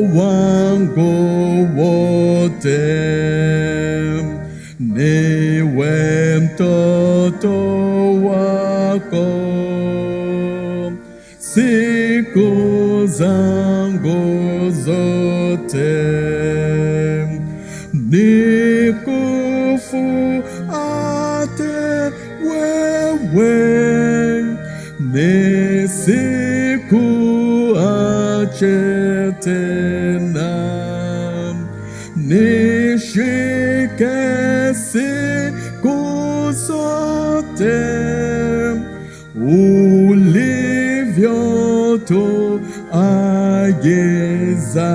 wangowote niwe mtoto wako siku zangu zote nikufuate wewe nisiku Chetenan Nishikasi Kusotem Ulivioto Ageza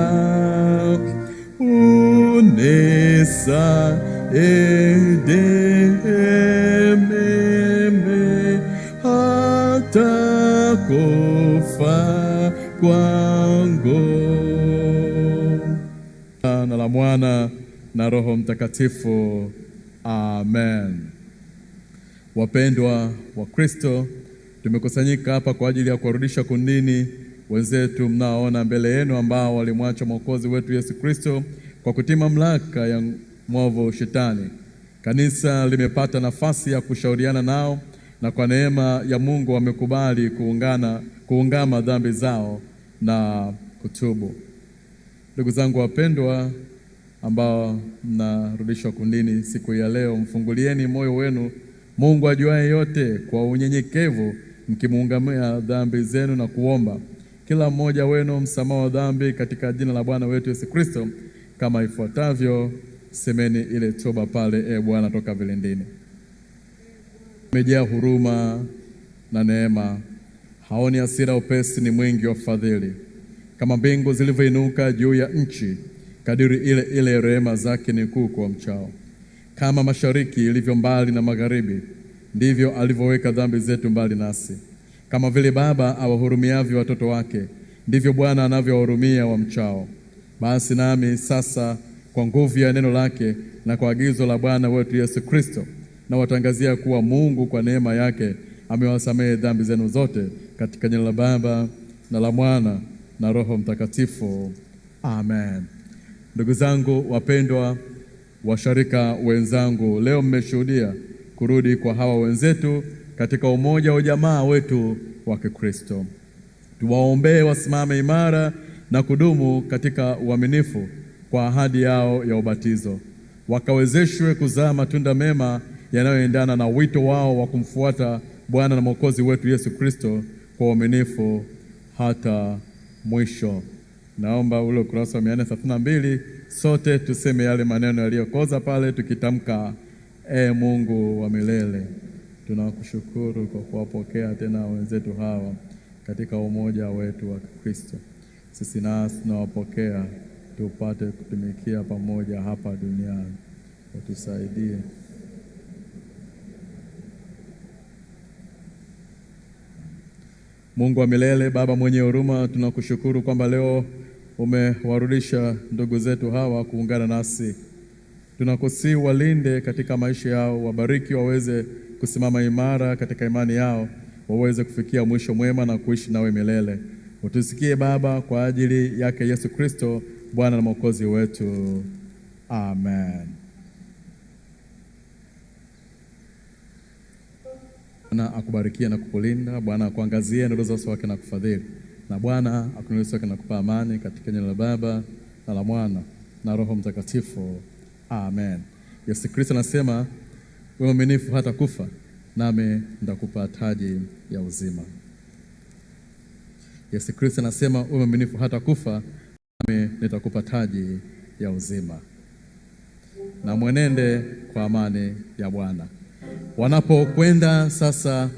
Unesa Edememe Hatakofa Kwa na la Mwana na Roho Mtakatifu. Amen. Wapendwa wa Kristo, tumekusanyika hapa kwa ajili ya kuwarudisha kundini wenzetu mnaoona mbele yenu, ambao walimwacha Mwokozi wetu Yesu Kristo kwa kutii mamlaka ya mwovu Shetani. Kanisa limepata nafasi ya kushauriana nao na kwa neema ya Mungu wamekubali kuungana, kuungama dhambi zao na kutubu. Ndugu zangu wapendwa ambao mnarudishwa kundini siku ya leo, mfungulieni moyo wenu Mungu ajuaye yote kwa unyenyekevu, mkimuungamia dhambi zenu na kuomba kila mmoja wenu msamaha wa dhambi katika jina la Bwana wetu Yesu Kristo, kama ifuatavyo. Semeni ile toba pale, e Bwana, toka vilindini, mejaa huruma na neema, haoni hasira, upesi ni mwingi wa fadhili kama mbingu zilivyoinuka juu ya nchi, kadiri ile ile rehema zake ni kuu kwa mchao. Kama mashariki ilivyo mbali na magharibi, ndivyo alivyoweka dhambi zetu mbali nasi. Kama vile baba awahurumiavyo watoto wake, ndivyo Bwana anavyowahurumia wa mchao. Basi nami sasa kwa nguvu ya neno lake na kwa agizo la Bwana wetu Yesu Kristo, nawatangazia kuwa Mungu kwa neema yake amewasamehe dhambi zenu zote, katika jina la Baba na la Mwana na Roho Mtakatifu. Amen. Ndugu zangu wapendwa, washarika wenzangu, leo mmeshuhudia kurudi kwa hawa wenzetu katika umoja wa jamaa wetu wa Kikristo. Tuwaombee wasimame imara na kudumu katika uaminifu kwa ahadi yao ya ubatizo, wakawezeshwe kuzaa matunda mema yanayoendana na wito wao wa kumfuata Bwana na Mwokozi wetu Yesu Kristo kwa uaminifu hata mwisho. Naomba ule ukurasa wa mbili sote tuseme yale maneno yaliyokoza pale tukitamka, e Mungu wa milele, tunakushukuru kwa kuwapokea tena wenzetu hawa katika umoja wetu wa Kikristo. Sisi nasi tunawapokea tupate kutumikia pamoja hapa duniani, watusaidie. Mungu wa milele, Baba mwenye huruma, tunakushukuru kwamba leo umewarudisha ndugu zetu hawa kuungana nasi. tunakusi walinde katika maisha yao, wabariki waweze kusimama imara katika imani yao, waweze kufikia mwisho mwema na kuishi nawe milele. Utusikie Baba, kwa ajili yake Yesu Kristo, Bwana na Mwokozi wetu, amen. Bwana akubarikia na kukulinda. Bwana akuangazie nuru za uso wake na kufadhili, na Bwana akuinulie uso wake na kupa amani, katika jina la Baba na la Mwana na Roho Mtakatifu, amen. Yesu Kristo anasema wewe mwaminifu hata kufa, nami nitakupa taji ya uzima. Yesu Kristo anasema wewe mwaminifu hata kufa, nami nitakupa taji ya uzima. Na mwenende kwa amani ya Bwana wanapokwenda sasa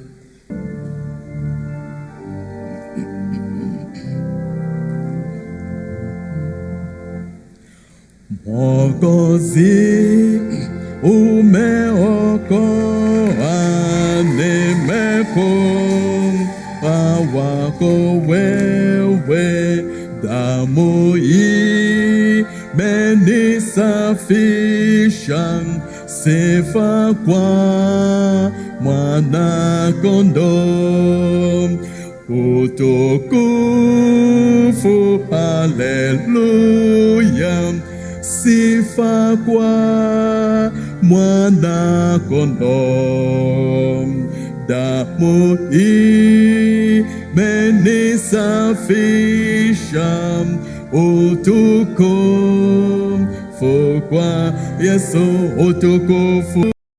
Mwokozi umeokoa, nimekomboa wako wewe, damu imenisafisha Sifakwa kwa mwana kondo utukufu, haleluya. Sifa kwa mwana Menisafisham damu imenisafisha, utukufu fukwa outro otokofu